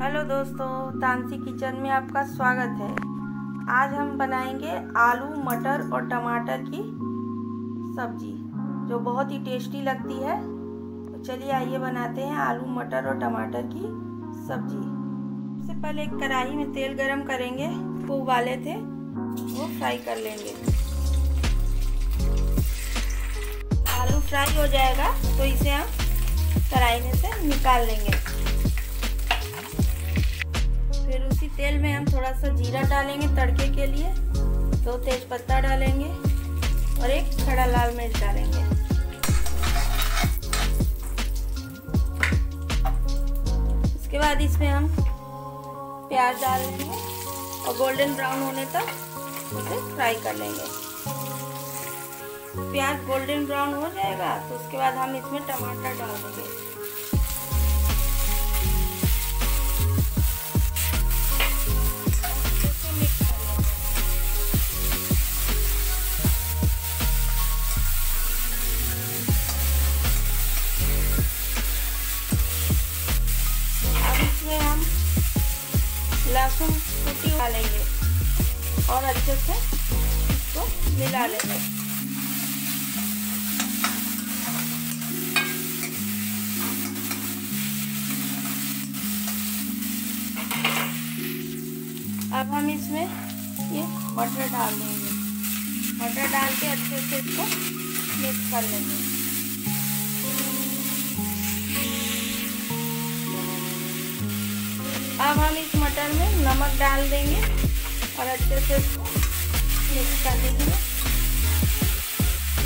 hello दोस्तों Tansi kitchen में आपका स्वागत है आज हम बनाएंगे आलू मटर और टमाटर की सब्जी जो बहुत ही टेस्टी लगती है तो चलिए आइए बनाते हैं आलू मटर और टमाटर की सब्जी सबसे पहले एक कढ़ाई में तेल गरम करेंगे वो उबाले थे वो फ्राई कर लेंगे आलू फ्राई हो जाएगा तो इसे हम कढ़ाई में से निकाल लेंगे तेल में हम थोड़ा सा जीरा डालेंगे तड़के के लिए दो तेज पत्ता डालेंगे और एक खड़ा लाल मिर्च डालेंगे उसके बाद इसमें हम प्याज डाल देंगे और गोल्डन ब्राउन होने तक उसे फ्राई कर लेंगे प्याज गोल्डन ब्राउन हो जाएगा तो उसके बाद हम इसमें टमाटर डाल देंगे लहसुन कुटी डालेंगे और अच्छे से इसको मिला लेंगे अब हम इसमें ये मटर डाल देंगे मटर डाल के अच्छे से इसको मिक्स कर लेंगे नमक डाल देंगे और अच्छे से इसको मिक्स कर देंगे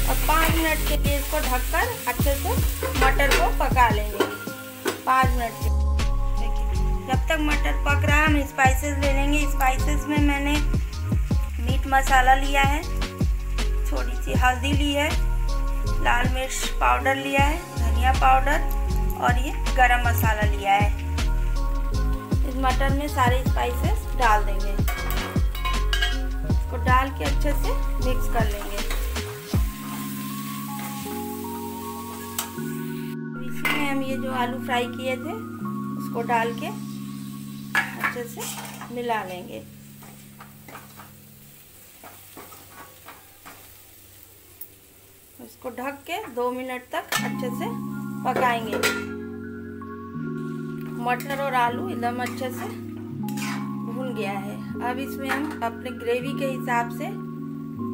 और पाँच मिनट के लिए इसको ढककर अच्छे से मटर को पका लेंगे पाँच मिनट के देखिए जब तक मटर पक रहा है हम स्पाइसेस ले लेंगे स्पाइसेस में मैंने मीट मसाला लिया है थोड़ी सी हल्दी ली है लाल मिर्च पाउडर लिया है धनिया पाउडर और ये गरम मसाला लिया है मटर में सारे स्पाइसेस डाल देंगे इसको डाल के अच्छे से मिक्स कर लेंगे इसी में हम ये जो आलू फ्राई किए थे उसको डाल के अच्छे से मिला लेंगे उसको ढक के दो मिनट तक अच्छे से पकाएंगे मटर और आलू एकदम अच्छे से भून गया है अब इसमें हम अपने ग्रेवी के हिसाब से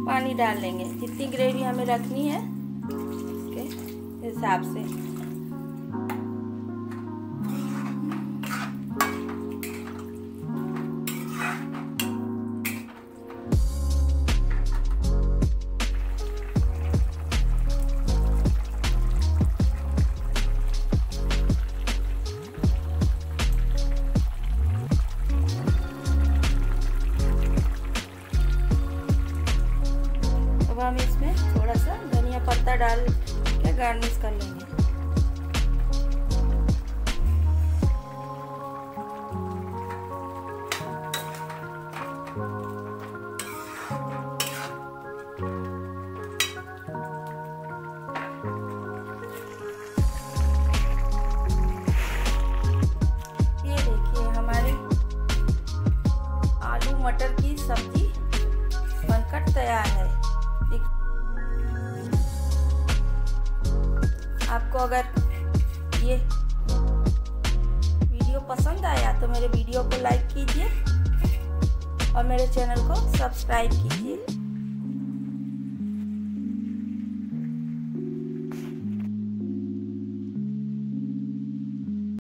पानी डाल लेंगे जितनी ग्रेवी हमें रखनी है उसके हिसाब से डाल क्या गार्निश कर लेंगे अगर ये वीडियो पसंद आया तो मेरे वीडियो को लाइक कीजिए और मेरे चैनल को सब्सक्राइब कीजिए